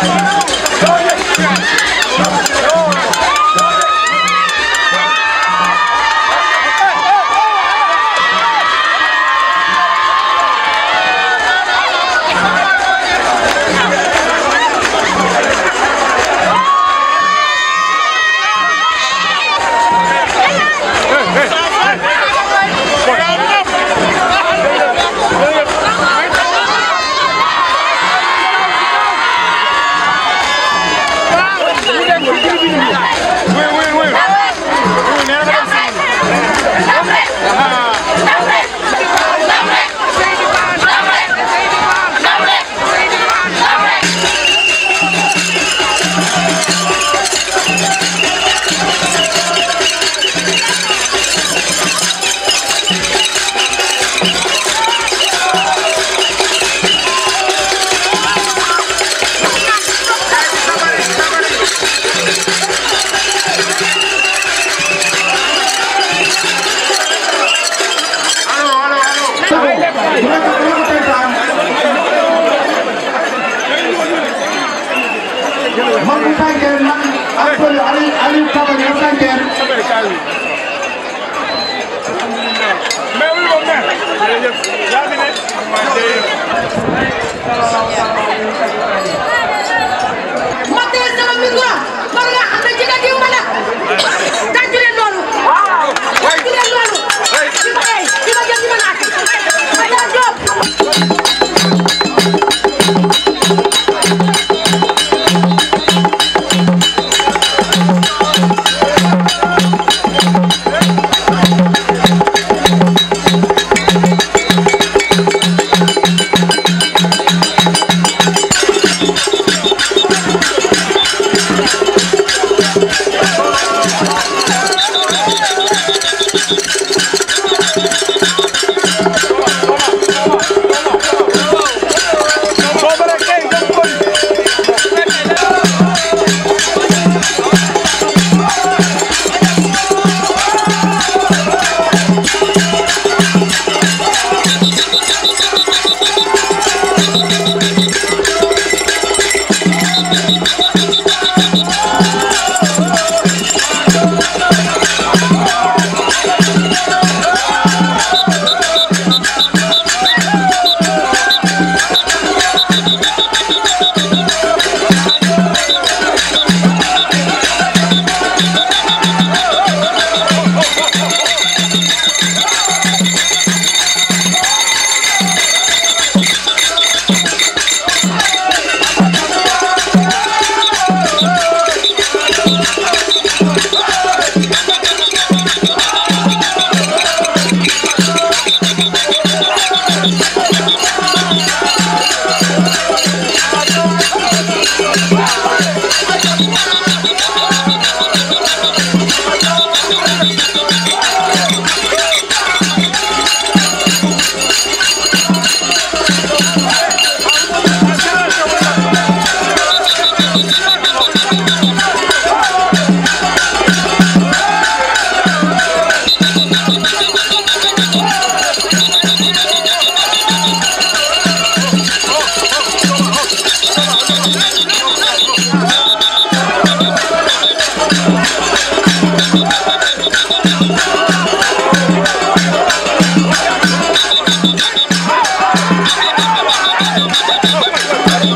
Thank you. Hey!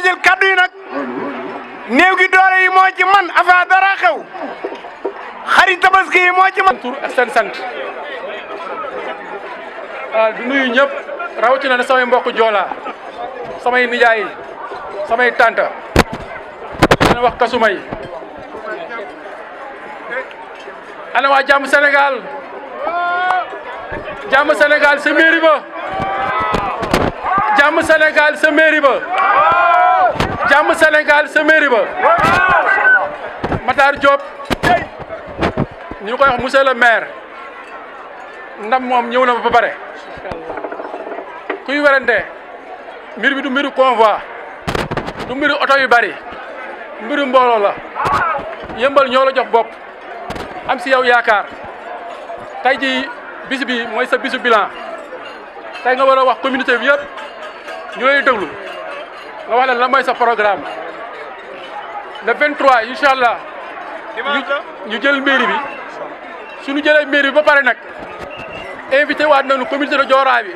ji jël kaddu yi nag néew gi doole yi moo ci man afa dara xew xari tabaski yi moo man tur ak seen sant ah du nuyu ñëpp rawatina ne samay mbokk joola samay nijaay samay tanta dana wax kasumay ana waa jàmm Sénégal jàmm Sénégal sa mairie ba jàmm jàmm Sénégal sa mairie ba Matar Diop ñu koy wax monsieur le maire ndam moom ñëw na ba pare kuy werante mbir bi du mbiru convoi du mbiru oto yu bari mbiru mbooloo la yëmbal ñoo la jox bopp am si yow yaakaar tey ji bis bi mooy sa bisu bilan tey nga war a wax communauté bi yëpp ñu lay déglu nga wax leen lan mooy sa programme le 23 incha allah. ñu jël mairie bi suñu jëlee mairie bi ba pare nag invité waat nañu communauté de Dioraay bi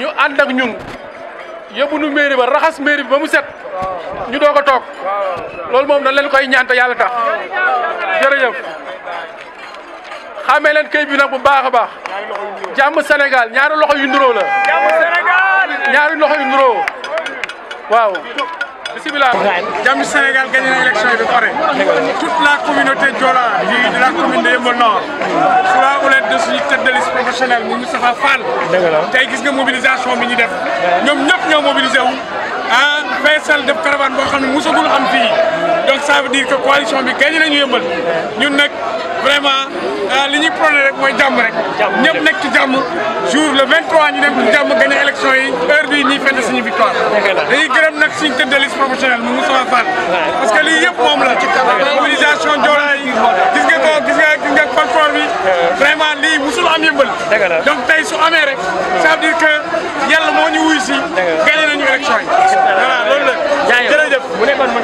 ñu ànd ak ñun yóbbu nu mairie ba raxas mairie bi ba mu set ñu doog a toog loolu moom dañ leen koy ñaanta yàlla tax jërëjëf xamee leen kay bi nag bu baax a baax jàmm Sénégal ñaari loxo yu nduróo la ñaari loxo yu nduróo waaw bisimilah. Jàmmi Sénégal gagné na élection yi ba pare. toute la communauté Joola yi de la commune de Yeumbeul Nord. sur la houlette de suñu tête de liste professionnelle mu Moustapha Fall. dëgg la gis nga mobilisation bi ñu def. ñoom ñëpp ñoo mobilisé wu. ah feesal def caravane boo xam ne mosagul am fii donc ça veut dire que coalition bi gagné nañu Yeumbeul ñu nag vraiment. Euh, li ñuy prôné rek mooy jàmm rek. ñëpp nekk ci jàmm jour le 23 ñu dem ci jàmm gagné élection yi heure bii ñuy fête suñu victoire. dañuy gërëm nag suñu tête de liste professionnelle mu Moussa Fall. parce que lii yëpp moom la. mobilisation Joolaa yi gis nga ko bi. vraiment lii musul am yëmbal. donc tey su amee rek. ça dire que yàlla moo ñu wuy si. gagné nañu élection yi. voilà loolu la jërëjëf.